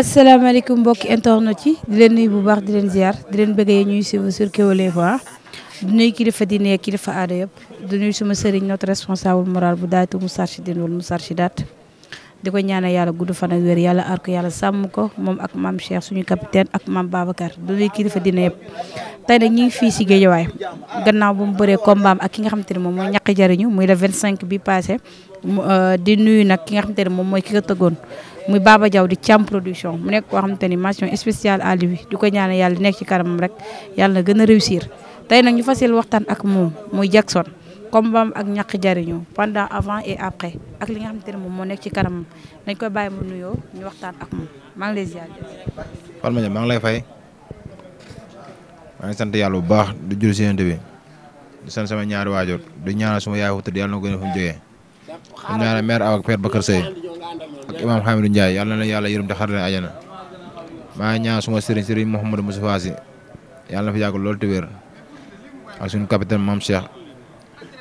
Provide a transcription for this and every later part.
asalaamaaleykum mbokki internet yi di leen nuyu bu baax di leen ziar di leen bëggee ñuy suivre sur Kewel Info du nuy kilifa diine ak kilifa aada yëpp du nuyu suma sëriñ notre responsable moral bu daaytu Moustarchidine wal daat di ko ñaanal yàlla gudd fan ak wér yàlla aar ko yàlla sàmm ko moom ak maam Cheikh suñu capitaine ak maam Babacar du nuyu kilifa diine yëpp. tey nag ñu ngi fii si Géejawaay gannaaw bu mu bëree kombaam ak ki nga xamante ne moom mooy ñàkk jariñu muy le 25 bi passé euh, di nuyu nag ki nga xamante ne moom mooy ki ko tëggoon. muy baaba Diaw di Thiam production mu nekk koo xamante ni mention spéciale à lui di ko ñaanal yàlla nekk ci kanamam rek yàlla na gën a réussir tey nag ñu fas yéene waxtaan ak moom muy Jackson combat ak ñàkk jariñu pendant avant et après ak li nga xamante ne moom moo nekk ci kanamam dañ koy bàyyi mu nuyoo ñu waxtaan ak maa ngi lay ziar. Fatma Diagne maa ngi lay fay maa ngi sant yàlla bu baax di jël séntu bi di sant sama ñaari waajur di ñaanal suma yaay fu tëdd yàlla na gën a fu mu jógee di ñaanal mère aw ak père Bakar Seye. ak imaam Hamidou Ndiaye yàlla na yàlla yërëm te xar leen ajana maa ñaan suma sëriñ sëriñ Mouhamadou Moustapha Sy yàlla na fi yàgg lool te wér ak suñu capitaine Mame Cheikh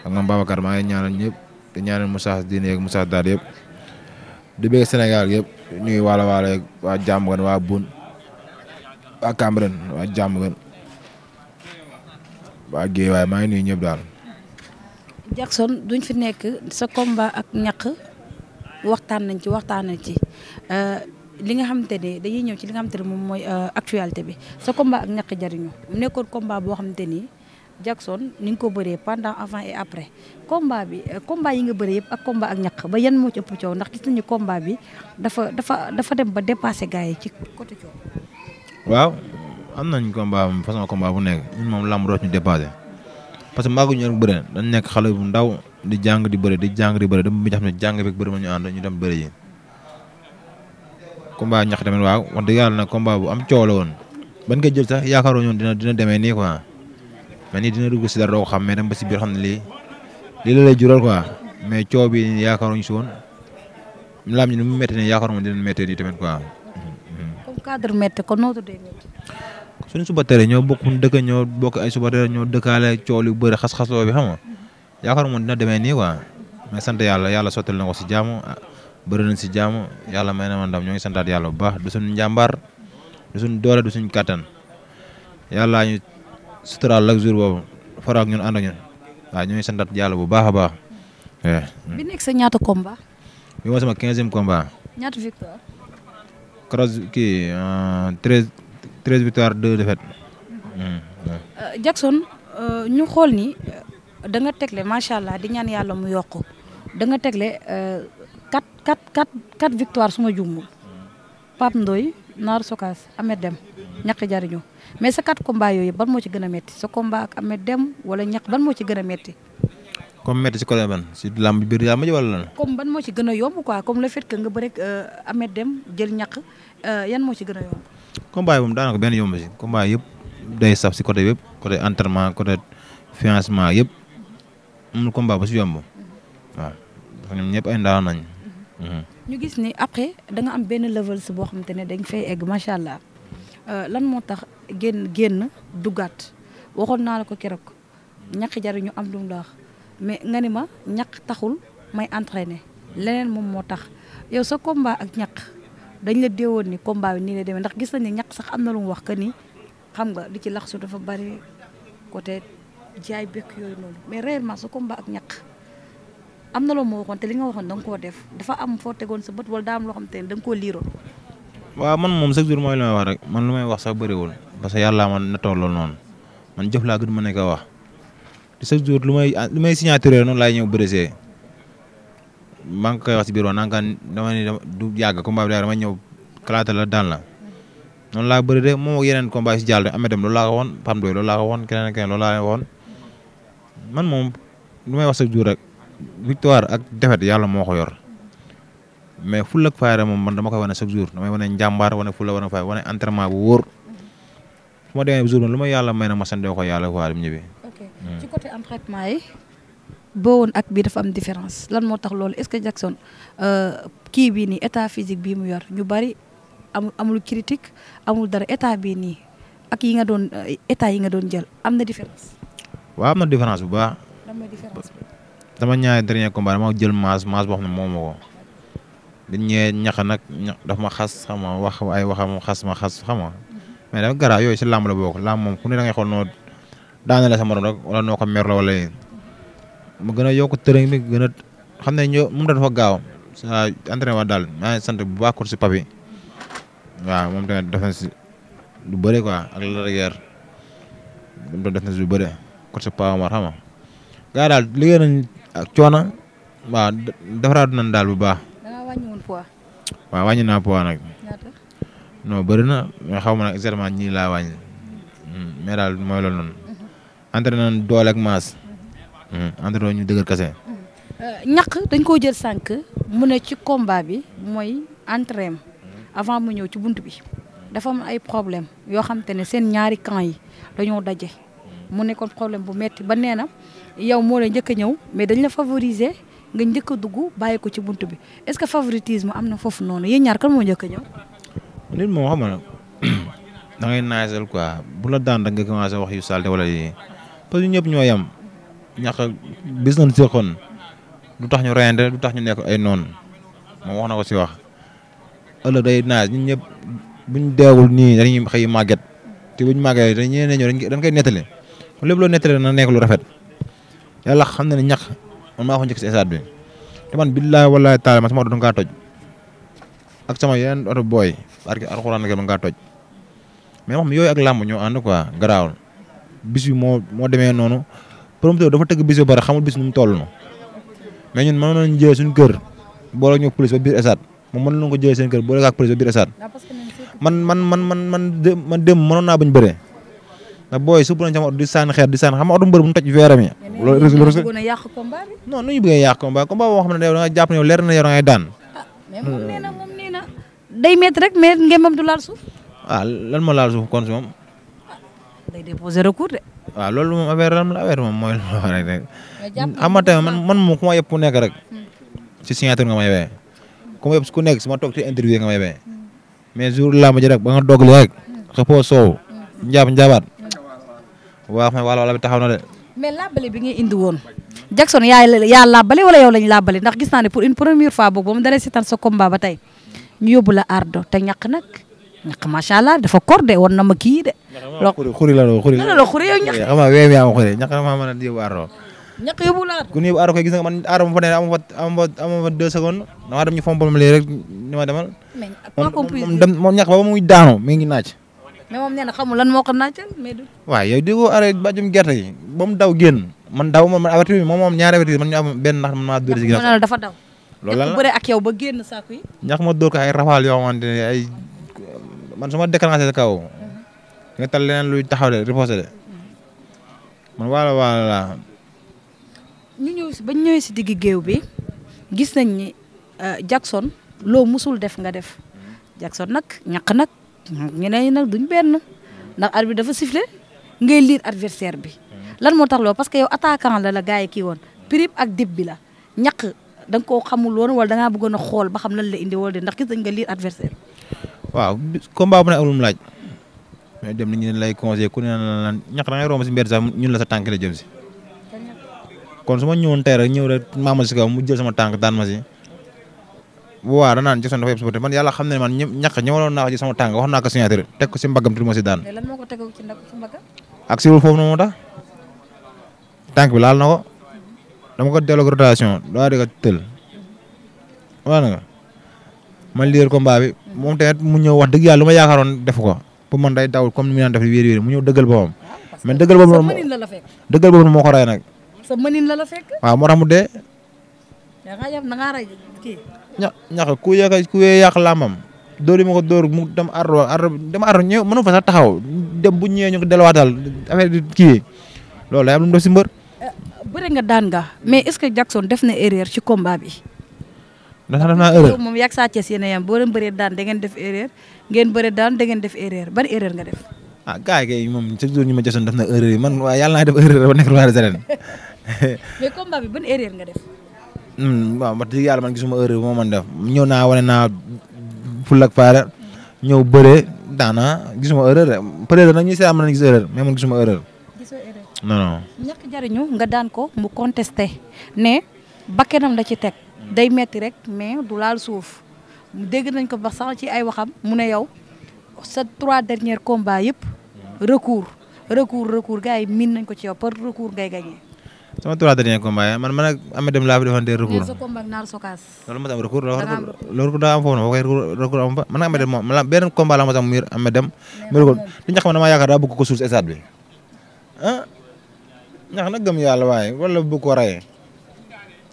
ak Mame Babacar maa ngi ñaanal ñëpp te ñaanal Moussa diine yeeg Moussa daal yëpp di Sénégal yëpp ñuy waala waala yeeg waa Diamaguène waa Boune waa Cambérène waa Diamaguène waa Guédiawaye maa ngi nuyu ñëpp daal Jackson duñ fi nekk sa combat ak ñaq waxtaan nañ ci waxtaan nañ ci euh, li nga xamante ne dañuy ñëw ci li nga xamante ne moom mooy euh, actualité bi sa combat ak ñàkk jariñu mu nekkoon combat boo xamante ni Jackson ni nga ko bëree pendant avant et après combat bi euh, combat yi nga bëree yëpp ak combat ak ñàkk ba yan moo ci ëpp coow ndax gis nañu combat bi dafa dafa dafa dem ba dépassé gars yi ci côté waaw am nañ combat façon combat bu nekk ñun moom lamb dootuñu dépassé parce que màgguñu rek bëre dañ nekk xale bu ndaw. di jàng di bëre di jàng di bëre dem bi nga xam ne jàng beeg bëri ma ñu ànd ñu dem bëri yi combat ñax tamit waaw wax dëgg yàlla nag combat bu am coow la woon ban nga jël sax yaakaaroon ñoon dina dina demee nii quoi mais nii dina dugg si dara ko xam mais dem ba si biir xam ne lii lii la lay jural quoi mais coow bi yaakaaroon si woon laam ñu ni mu métti ne yaakaaroon dina méttee nii tamit quoi. comme cadre métti kon noo tuddee métti. suñu suba tere ñoo bokk dëkk ñoo bokk ay suba tere ñoo dëkkaale coow lu bëri xas-xasoo bi xam nga yaakaar moom dina demee nii quoi mais sant yàlla yàlla sottal na ko si jaamu bëri nañ si jaamu yàlla may na ma ndam ñoo ngi santaat yàlla bu baax du suñu njàmbaar du suñu doole du suñ kattan yàlla ñu suturaal ak jour boobu faraak ñun ànd ak ñun waaw ñoo ngi santaat yàlla bu baax baax. Eh. bi nekk sa ñaata combat. bi mooy sama quinzième combat. ñaata victoire. cross kii euh, treize treize victoire deux défaites. Euh, Jackson euh, ñu xool ni. da nga tegle macha allah di ñaan yàlla mu yokk da nga tegle euh, quatre quatre quatre quatre victoire su ma juumul Pape ndoy Naar Sokaas Ahmed Dem ñaq jariñu mais sa quatre combats yooyu ban moo ci gën a métti sa combat ak Ahmed Dem wala ñaq moo ci gën a métti. comme métti si côté man si làmb biir làmb ji wala lan. comme ban moo ci gën a yomb quoi comme le fait nga bëre ak euh, Dem jël ñaq euh, yan moo ci gën a yomb. combat yi moom daanaka benn yomb si combat yëpp day saf si côté yëpp côté entraînement côté financement yëpp. amul combat ba si yomb waaw dafa ñoom ñëpp ay ndaw nañ mhm. Mhm. ñu gis ni après da am benn level si boo xamante ne dañ fay egg macha allah euh, lan moo tax génn génn duggaat waxoon naa la ko keroog ñaq jariñu am lu mu mais nga ni ma ñaq taxul may entraîner leneen moom moo tax yow sa combat ak ñaq dañ la déewoon ni combat bi nii lay demee ndax gis nañ ne ñaq sax am na lu wax que ni xam nga li ci lax su dafa bari côté. jaay bekk yooyu noonu mais réellement sa combat ak ñaq am na loo ma waxoon te li nga waxoon da koo def dafa am foo tegoon sa bët wala daam am loo xam te ne da nga koo liiroon. waaw man moom chaque jour mooy li may wax rek man lu may wax sax bëriwul parce que yàlla man na tolloo noonu man jëf laa gën ma nekk a wax te chaque jour lu may lu may signature noonu laay ñëw brisé maa ngi koy wax ci biir wax naan dama du yàgg combat bi dama ñëw kalaata la daan la. noonu laa bëri de moom ak yeneen combat yi si jàll de am dem loolu laa ko woon keneen ak woon man moom lu may wax sa jur rek victoire ak défaite yàlla moo ko yor mais fulla ak fayda moom man dama koy wane chaque jour damay wane njàmbaar wane fulla wane fayda wane entraînement bu wóor su ma demee jour man lu ma yàlla ma santee ko yàlla quoi bi mu hmm. yi boo woon ak bii dafa différence lan moo tax loolu est-ce que Jackson euh, kii bii nii état physique bii mu yor ñu bari amul amul critique amul dara état bii nii ak yi nga doon euh, état yi nga doon jël am na différence. waaw am na différence bu baax. dama ñaari dernier combat dama jël maas maas boo xam ne moom moo ko. dañ ñee ñax nag ñax daf ma xas xam ma wax ay waxam xas ma xas xama ma mais dafa gara yooyu si làmb la bokk moom ku ne da ngay xool noo daane la sa ko mer mu gën a yokk tërëng bi gën a xam moom dafa gaaw sa entraîné waa daal maa sant bu baax ko si papi waaw moom tamit def na si lu bëri quoi ak la guerre moom tamit def na si lu bëri coach Pa Omar xam nga gars daal liggéey nañ ak coono waaw defaraat daal bu baax. da ngaa naa poids nag. non bëri na mais xaw ma nag exactement ñii laa wàññi hmm, mais daal mooy loolu noonu. Mhm. entraîné nañ doole ak maas. Mhm. Hmm, entraîné ñu dëgër kese. Mhm. Euh, ñaq dañ koo jël sànq mu ne ci komba bi mooy entraînement avant mu ñëw ci bunt bi dafa am ay problème yoo xam te ne seen ñaari camp yi dañoo daje mu nekkoon problème bu metti ba nee na yow moo la njëkk a ñëw mais dañ la favoriser nga njëkk a dugg bàyyi ko ci buntu bi est-ce que favoritisme am na foofu noonu yéen ñaar kan moo njëkk a ñëw. nit na da ngay naajal quoi bu daan da nga commencé wax yu salte wala yi parce ñëpp ñoo yem ñàkk bis nañ seqoon du tax ñu reyante du tax ñu nekk ay noonu moom wax na ko si wax da day naaj ñun ñëpp buñ deewul nii dañuy xëy màgget te buñ màggee dañ ñeneen ñëw dañ koy nettali kon lépp loo nettali na nekk lu rafet yàlla xam na ne ñax man maa ko njëkk si stade bi te man billaahi wallaahi taala man sama oto nga toj ak sama yeneen oto booy barke alxuraan nga ngaa toj mais moom yooyu ak làmb ñoo ànd quoi garaawul bis bi moo moo demee noonu promoteur dafa tëgg bis yu bari xamul bis nu mu toll noonu mais ñun mënoon nañu jëlee suñu kër boole ñu police ba biir esaat moom mënoon nañu ko jëlee seen kër boole ak police man man man man man man démb mënoon naa bañ bëree. ndax booy su bëggoon sama oto di sànni xeer di sànni xam nga oto mbër bu mu toj veeram ya loolu rëcc loolu bëggoon a yàq combat bi non nu ñu bëggee yàq combat combat boo xam ne yow da nga jàpp ne yow leer na yow da ngay daan ah, mais moom nee na moom nee na day métti rek mais ngembam du laal suuf waaw ah, lan moo laal suuf kon si moom ah, day déposer recours de waaw loolu moom affaire lan la affaire moom mooy loolu rek rek amata man man moom ku ma yëpp ku nekk rek hmm. si signature nga may wee ku ma yëpp ku nekk su ma toog ci interview nga may wee hmm. mais jour làmb ji rek ba nga dogal rek hmm. xëppoo soow njaab njaabaat waaw xam wala wala bi taxaw na de. mais làbbali bi ngay indi woon. Jackson yaa yaa làbbali wala yow lañ làbbali ndax gis naa ne pour une première fois boobu ba mu dalee si tan sa la ardo te ñàkk nag ñàkk macha allah dafa cordé woon kii de. loolu xuri la loo xuri la loo xuri yow ñàkk. xam nga wéy mi am xuri ñàkk maa mën a yóbbu ardo. ñàkk yóbbu ardo. ku ñu yóbbu ardo koy gis mu fa daanu mi ngi naaj mais moom nee na xamul lan moo ko naajal mais du. waaw yow di ko arrêté bàjjum gerte yi ba mu daw génn man daw man avertir bi moom moom ñaari avertir man ñu am benn ndax man maa dóor si. ginnaaw dafa daw. loolu lan la bëree ak yow ba génn saako yi. ñax ma dóor ko ay rafaal yoo xamante ne ay man su ma déclenché sa kaw. Mhm. nga tal leneen luy taxaw de riposé de. Mhm. man waala waala laa. ñu ñëw si ba ñu ñëwee si digg géew bi gis nañ ni euh, Jackson loo musul def nga def mhm. Jackson nag ñaq nag. ñeneen ñi nag duñ benn ndax arbitre bi dafa sifflé ngay liir adversaire bi lan moo tax loolu parce que yow attaquant la la gars yi kii woon prip ak dib bi la ñaq da nga koo xamul woon wala da ngaa bëggoon a xool ba xam lan la indi wala ndax gis dañ nga liir adversaire waaw combat bu ne amulum laaj mais dem nañu lay conseillé ku ne lan ñaq da ngay romb ñun la sa tànk la si kon su ma ñëwoon tey rek ñëw rek maamal si kaw mu jël sama tànk daan bu waa danaan Jackson dafa yëpp man yàlla xam ne man ñë ñàkk ñëwaloon naa ko ci sama tàng wax naa ko ak si foofu noonu moo tànk bi laal na ko dama ko delloo rotation daa di ko tël waa na man liir combat bi moom tamit mu ñëw wax dëgg yàlla ma yaakaaroon def ko pour man day dawul comme ni mu naan def wéer wéer mu ñëw dëggal boppam. mais dëggal boobu noonu dëggal boobu moo ko rey nag. sa mënin la la fekk. waaw moo tax mu da ña ñax ku yàq ku yàq làmbam dóor yi ma ko dóor mu dem arro arro dem arro ñëw mënu fa sax taxaw dem bu ñëwee ñu ko delluwaatal affaire di kii loolu day am lu mu def eh, nga daan nga mais est-ce que Jackson def na erreur ci combat bi. ndax def naa erreur moom yàgg saa Thiès a boo leen bëree daan da ngeen def erreur ngeen bëree daan da ngeen def erreur ban erreur nga def. ah gars yi moom chaque jour ñu ma Jackson na erreur yi man waaye yàlla naa def erreur ba nekk roi des ban erreur nga def. Hmm, waaw wax dëgg yàlla man gisuma erreur bu ma mën def ñëw naa wane na ful ak ñëw bëree daana gisuma erreur rek peut être nag ñu si am nañ gis erreur mais gisuma erreur. gisoo jariñu nga daan ko mu contesté ne bakkanam la ci teg day metti rek mais du laal suuf dégg nañ ko ba sax ci ay waxam mu ne yow sa trois derniers combats yëpp recours recours recours gars yi miin nañ ko ci yow par recours ngay gagné. sama trois derniers combats man man ak Amady Deme laa fi defoon des recours. loolu mos am recours loolu daa am foofu nag boo koy recours am fa man ak Amady Deme moom man benn combat laa mos am muy Amady Deme. mu ne ko du ñax ma damaa yaakaar daa bëgg ko suul si stade bi ah ñax nag gëm yàlla waaye wala bëgg ko rayee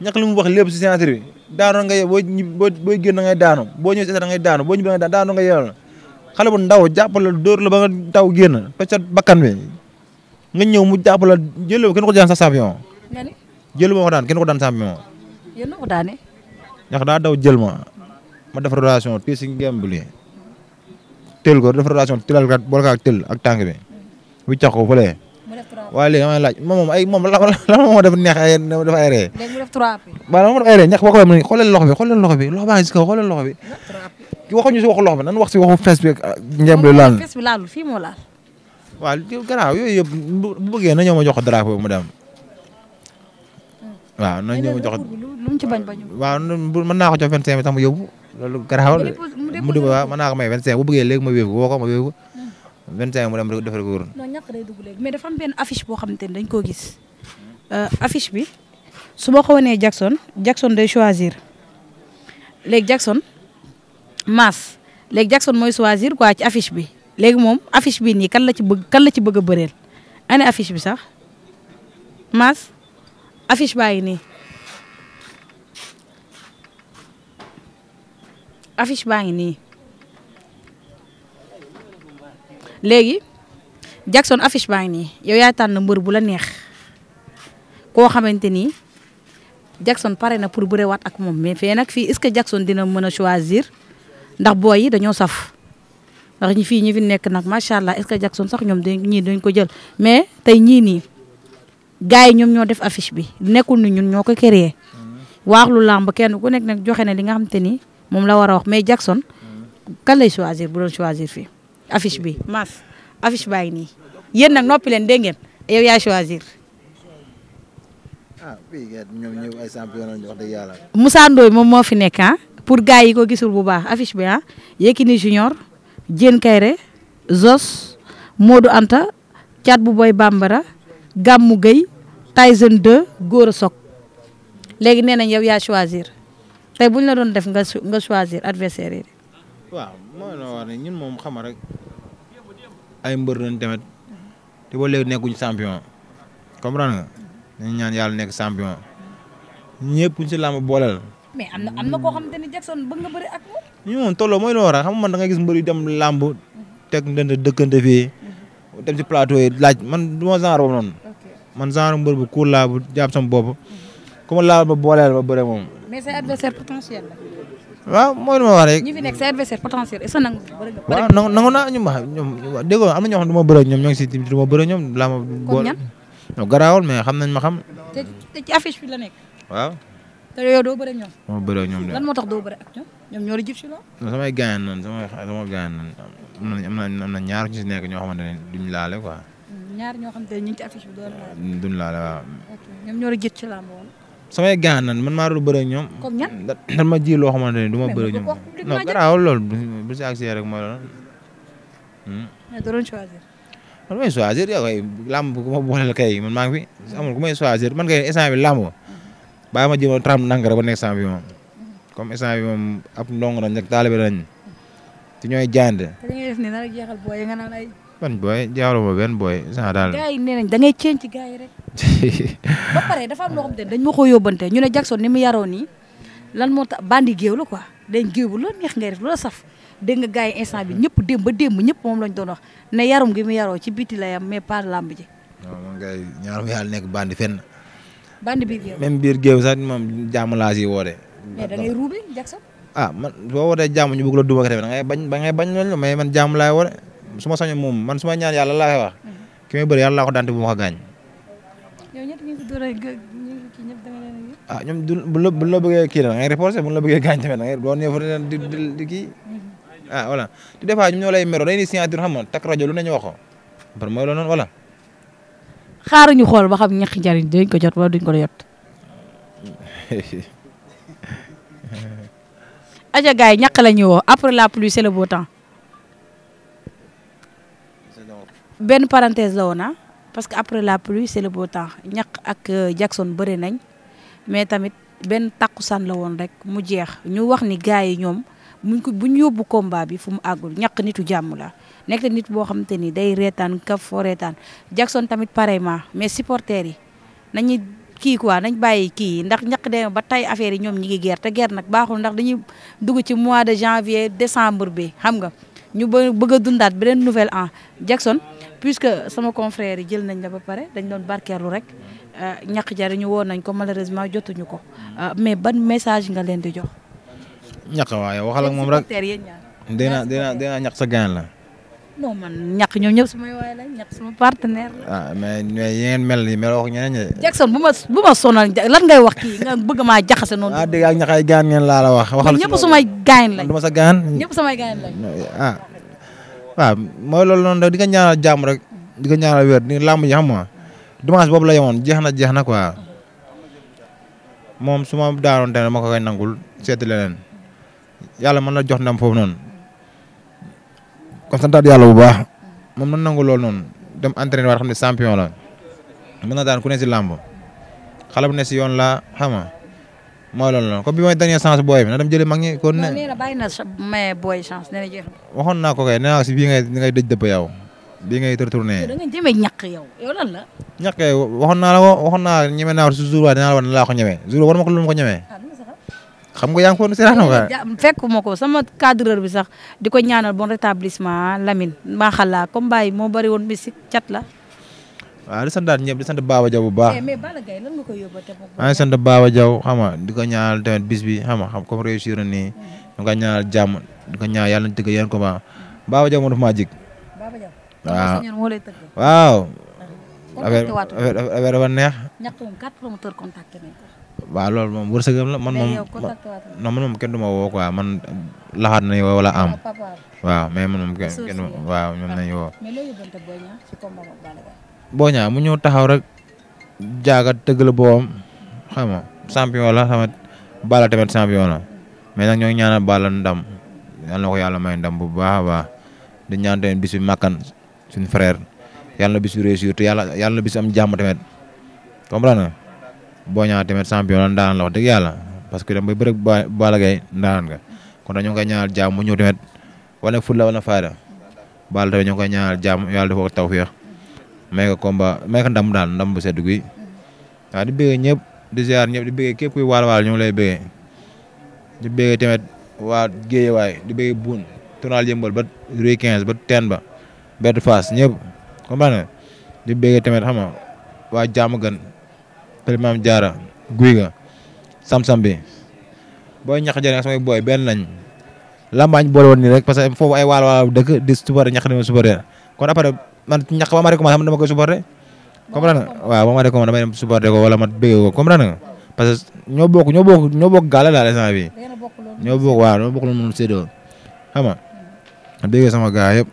ñax li mu wax lépp si signature bi daanoo nga boo boo boo génn ngay daanu boo ñëwee si stade da ngay daanu boo ñëwee da ngay daanu nga yeewal xale bu ndaw jàppale dóor la ba nga daw génn toj sa bakkan bi nga ñëw mu jàppale jëloo kenn ko jaan sa champion nga ni jël ma ko daan kenn ko daan champion. yéen na ko daane. ndax daa daw jël ma ma def rotation fii si ngemb li tël ko def rotation tëlal kat boole ak tël ak tànk bi bu cax ko fële. waaye léegi damay laaj moom moom ay moom la la ma def neex ay def ay ree. léegi mu def trois bi. waaw ma def ay ree ñax boo ko waxee xoolal loxo bi xoolal loxo bi loxo baa ngi si kaw xoolal loxo bi. waxuñu si waxu loxo bi nan wax si waxu fees bi ak ngemb li laal. moom moom fees bi laalul fii moo laal. waaw garaaw yooyu yëpp bu bëggee na ñoo ma jox drapeau mu dem waaw na ñëw jox lu ci bañ bañ waaw mën naa ko jox 25 bi tax mu yóbbu loolu garaaw mu di waaw mën naa ko may 25 bu bëggee léegi ma wéebu woo ko ma wéebu 25 hmm. mu dem rek defal ko wóor non ñàkk day dugg léegi mais dafa am benn affiche boo xamante ne dañ koo gis euh, affiche bi su ma ko wanee Jackson Jackson day choisir léegi Jackson maas léegi Jackson mooy choisir quoi ci affiche bi léegi moom affiche bi nii kan la ci bëgg kan la ci bëgg a bëreel ana affiche bi sax maas affiche baa ngi nii affiche baa ngi nii léegi Jackson affiche baa ngi nii yow yaay tànn mbër bu la neex koo xamante ni Jackson pare na pour bërewaat ak moom mais fee nag fii est-ce que Jackson dina mën a choisir ndax booy yi dañoo saf ndax ñi fii ñi fi nekk nag macha allah est Jackson sax ñoom dañ ñii dañ ko jël mais tey ñii nii. gars yi ñoom ñoo def affice bi nekkul ni ñun ñoo ko créé. waaxlu làmb kenn ku nekk nag joxe na li nga xam te ni moom la war a wax mais Jackson. kan lay choisir bu doon choisir fii affiche bi mas affiche baa ngi nii yéen nag noppi leen dégg ngeen yow yaa choisir. ah ñoom ñëw ay champion lañu moom moo fi nekk ah pour gars yi ko gisul bu baax affiche bi ah Yekini Junior Diène Kairé Zos Modou Anta Thiat bu Boy Bambara. Gamou Gueye Tyson 2 Gora Sock léegi nee nañ yow yaa choisir tey bu ñu la doon def nga nga choisir adversaire yi. waaw moo la wax ne ñun moom xam rek ay mbër lañ tamit te ba léegi nekkuñ champion comprendre nga ñu ñaan yàlla nekk champion ñëpp ñu si làmb booleel. mais am na am na koo xamante ni Jackson bëgg nga bëri ak moom. ñu moom tolloo mooy loo war a xam man da nga gis mbër yi dem làmb teg ndënd dëkkante fii. dem ci plateau yi laaj man du ma genre boobu noonu. man genre mbër bu cool laa bu jàpp sama bopp. ku ma laal ba booleel ba bëre moom. mais sa adversaire potentiel la. waaw mooy lu ma wax rek. ñi fi nekk sa adversaire potentiel est-ce que nangu bëri nga. bëri waaw nangu naa ñu ma ñoom na ñoo ma bëre ñoom ñoo ngi te yow doo bëre ñoom. doo bëre ñoom de. lan moo tax doo bëre ak ñoom ñoom ñoo di jub si loolu. non samay gaañ noonu samay sama gaañ noonu am na am na ñaar ñu si nekk ñoo xamante ne duñ laale quoi. Hmm, ñaar ñoo xamante ne ñu ngi ci affiche bi doon laale. Hmm, duñ laale waaw. ok ñoom ñoo di jët ci làmb woon. samay gaañ noonu man maa doon bëre ñoom. comme ñan dañ ma ji loo xamante ne du ma bëre ñoom. non garaawul loolu bu si accès rek mooy loolu. Hmm. mais doon choisir. man may choisir yow kay làmb ku ma booleel kay man maa ngi fi amul ku may choisir man kay instant bi làmb bàyyi ma jéem a tram nangara ba nekk instant bi moom comme instant bi moom ab ndongo lañ rek taalibe lañ ci ñooy jaayante. li ngay def nii dara jeexal booy yi nga naan ay. ban booy jaaroo ma benn booy. instant daal gars da ci gars yi rek. dañ ma ko ñu ne Jackson ni mu nii lan moo tax bandi géew la quoi dañ géew bu loolu neex ngay def loola saf. dégg nga gars yi instant bi ñëpp démb ba démb ñëpp moom lañ doon wax ne yarum gi mu ci biti la yam mais par lamb ji. non man kay ñaar yàlla band biir géew même biir géew sax moom jàmm laa siy woote. mais da ngay ruube ah, man boo wootee jàmm ñu bëgg la duma ko tamit ba bañ loolu mais man jàmm laay woote su ma moom man su ma ñaan yàlla laa koy wax. Mm-hmm. ki may laa ko dante bu ma ko gaañ. yow ñett ñu ngi doon rek kii ñëpp da nga ah, du bu bëggee kii da ngay bu la bëggee gaañ tamit da ngay doon ñëw fa di di mm-hmm. ah, ñoo lay meroo dañuy signature xam rajo lu ne ñu waxoo. par mooy xaaruñu xool ba xam ñax njariñ dañ ko jot wala duñ ko jot. aja gars yi ñaq la ñuy woo après la pluie c'est le beau temps. benn parenthèse la woon ah. parce que après la pluie c'est le beau ñaq ak euh, Jackson bëri nañ mais tamit benn takkusaan la woon rek mu jeex ñu wax ni gars yi ñoom muñ ko yóbbu komba bi fu mu àggul ñaq nitu jàmm la nekk nit boo xamante ni day reetaan kaf foo reetaan Jackson tamit pareillement mais supporters yi nañu kii quoi nañ bàyyi kii ndax ñaq de ba tey affaire yi ñoom ñi ngi guerre te guerre nag baaxul ndax dañuy dugg ci mois de janvier décembre bi xam nga ñu bëgg a dundaat beneen nouvel an Jackson puisque sama confrère yi jël nañ la ba pare dañ doon barkeerlu rek euh, ñaq jariñu woon nañ ko maleureusement jotuñu ko euh, mais ban message nga leen di jox. ñaq waaye waxal ak moom rek. dina dina dina ñaq sa gaan la. non man ñàkk ñoom ñëpp samay waay lañ ñàkk sama partenaire la. ah mais mais mel nii mel wax ñeneen ñi. Jackson bu wax bëgg maa jaxase noonu. ah dégg ak ñaxay gaan ngeen laa la wax. waxal ñëpp samay gaan lañ du ma sa gaan. ñëpp samay gaan lañ. ah waaw mooy loolu noonu rek di jàmm rek di nga ñaanal wér di nga boobu la jeex na jeex na quoi moom su ma daanoon tamit ma ko koy mën na jox ndam foofu noonu. kon santaat yàlla bu baax moom nan nangu loolu noonu dem entraîné war xam ne champion la mën na daan ku ne si làmb xale bu ne si yoon la xam nga mooy loolu noonu comme bi mooy dernière chance booy bi na dem jëli mag ñi kon ne waxoon naa ko kay naa si bii ngay ngay dëj dëpp yow bii ngay retourné da nga jëmee ñàkk yow yow lan la ñàkk naa la ko naa ñeme naa war si jour waaye dinaa la war ko ñeme xam nga yaa ngi ko woon seetaan nga. fekkuma ko sama cadreur bi sax di ko ñaanal bon rétablissement Lamine maaxalla comme Baye moo bari woon misik cat la. waaw di sant daal ñëpp di Baba Diaw bu baax. Eh, mais Balla Gaye lan nga koy Baba Diaw xam nga di ko ñaanal tamit bis bi xam nga xam comme réussir na mm-hmm. yàlla na tëgg ko ba Baba Diaw waaw loolu moom wërsëgam la man moom non man moom kenn du ma woo quoi man laxaat nañu woo wala am ah, waaw mais man moom kenn waaw ñoom nañu woo boo mu ñëw taxaw rek jaaga tëgg la boobam champion la xam nga Balla tamit champion la mais nag ñoo ngi ñaanal ndam yal na ko yàlla may ndam bu baax a baax di ñaan tamit bis bi màkkan suñu yàlla na bis bi réussir te yàlla yàlla na bis am jàmm tamit comprendre nga Boña tamit champion la ndaanaan la wax dëgg yàlla parce que dem ba bëre Balla Gaye ndaanaan nga kon dañu koy ñaanal jàmm mu ñëw tamit wala fulla wala faayda Balla tamit ñu koy ñaanal jàmm yàlla dafa ko tawfeex may ko combat may ko ndam daal ndam bu sedd gi di bëggee ñëpp di ziar ñëpp di bëggee képp kuy waal waal ñu ngi lay bëggee di bëggee tamit waa di bëggee buun tournal yëmbal ba rue 15 ba teen ba bett di bëggee tamit xam waa jàmm gën Père Maam Jaara guy ga sam-sam bi booy ñax jëriñ ak samay booy benn nañ lambaañ boole woon nii rek parce que foofu ay waal waal dëkk di supporter ñax dama supporter kon après man ñax ba ma recommandé xam dama koy supporter comprendre nga waaw ba ma recommandé wala ma bëggee ko parce que ñoo bokk ñoo bokk ñoo bokk gàlla daal instant bi ñoo bokk waaw ñoo bokk lu mënul séddoo xam nga hmm. bëggee sama gaa yëpp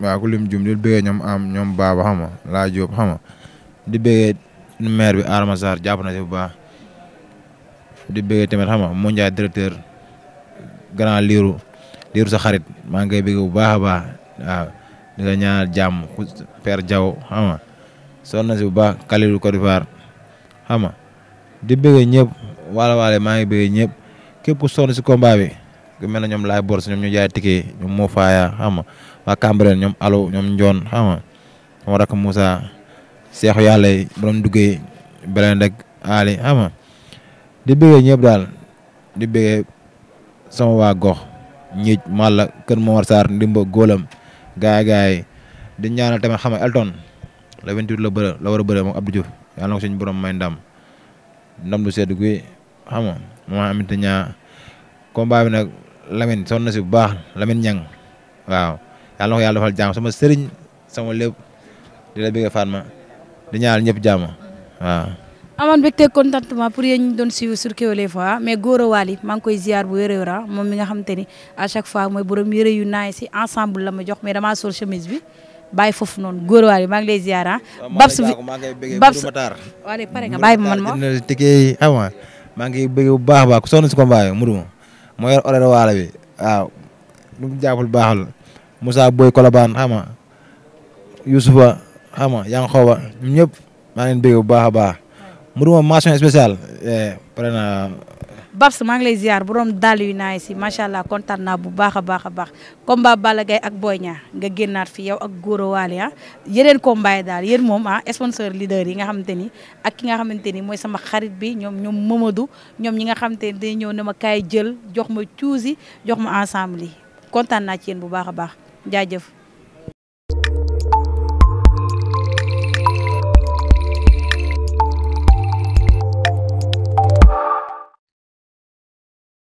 waaw ku lim jum di bëggee ñoom am ñoom baaba laa jóob xam di bëggee maire bi Adama Sarr na si bu baax di bëggee tamit xam nga mu njaay directeur grand liiru liiru sa xarit maa ngi koy bëggee bu baax a baax waaw di la ñaanal jàmm Père Diaw xam na si bu baax Kalilou Côte d'Ivoire xam di bëggee ñëpp waala waale maa ngi bëggee ñëpp képp ku sonn si combat ku mel ñoom laay bors ñoom ñu jaay ticket ñoom moo faaya xam nga waa ñoom alo ñoom njoon xam nga moo rakk seexu yàlla yi borom duggee beneen rek aali ama di bëggee ñëpp daal di bëggee sama waa gox ñiij màlla kër Momar Sarr ndimba góolam gaay gaay di ñaanal tamit xam nga Elton le 28 la bëre la war a bëre moom Abdou Diouf yàlla na ko suñu borom may ndam ndam lu sedd guy xam nga maa amit ñaa combat bi nag Lamine sonn na si bu baax Lamine ñang waaw yàlla na ko yàlla defal jàmm sama sëriñ sama lépp di la bëggee Fatma di ñaanal ñëpp jàmm waaw. amoon mbégte contentement ñu doon suivre sur Kewel Info ah, mais Gora Wally maa ngi koy ziar bu wér a ah, moom mi nga xam te ni à fois mooy borom yëre yu naay si ensemble la ma jox mais damaa sol chemise bi bàyyi foofu noonu Gora Wally maa ngi lay ziar ma ah. man ma waaw maa ngi bëgg bu a baax ku soxna si combat bi Mourou moo yor horaire bi waaw lu mu jàppul baaxul Moussa Boy Kolobane xam nga xam nga yaa ngi xooba ñun ñëpp maa ngi bu baax a baax mu duma mention spéciale eh, pare na Babs maa ngi lay ziar borom dàll yu naay si macha allah kontaan na bu baax a baax a baax combat Balla Gaye ak Boy Niang nga génnaat fi yow ak Gora Wally ah yeneen combat daal yéen moom ah sponsor leader yi nga xamante ni ak ki nga xamante ni mooy sama xarit bi ñoom ñoom Mamadou ñoom ñi nga xamante ni day ñëw ne ma kaay jël jox ma cuusi jox ma ensemble yi kontaan naa ci yéen bu baax a baax jaajëf.